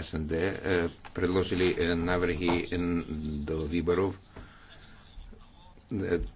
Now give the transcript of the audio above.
SND e, predložili e, návrhy e, do výborov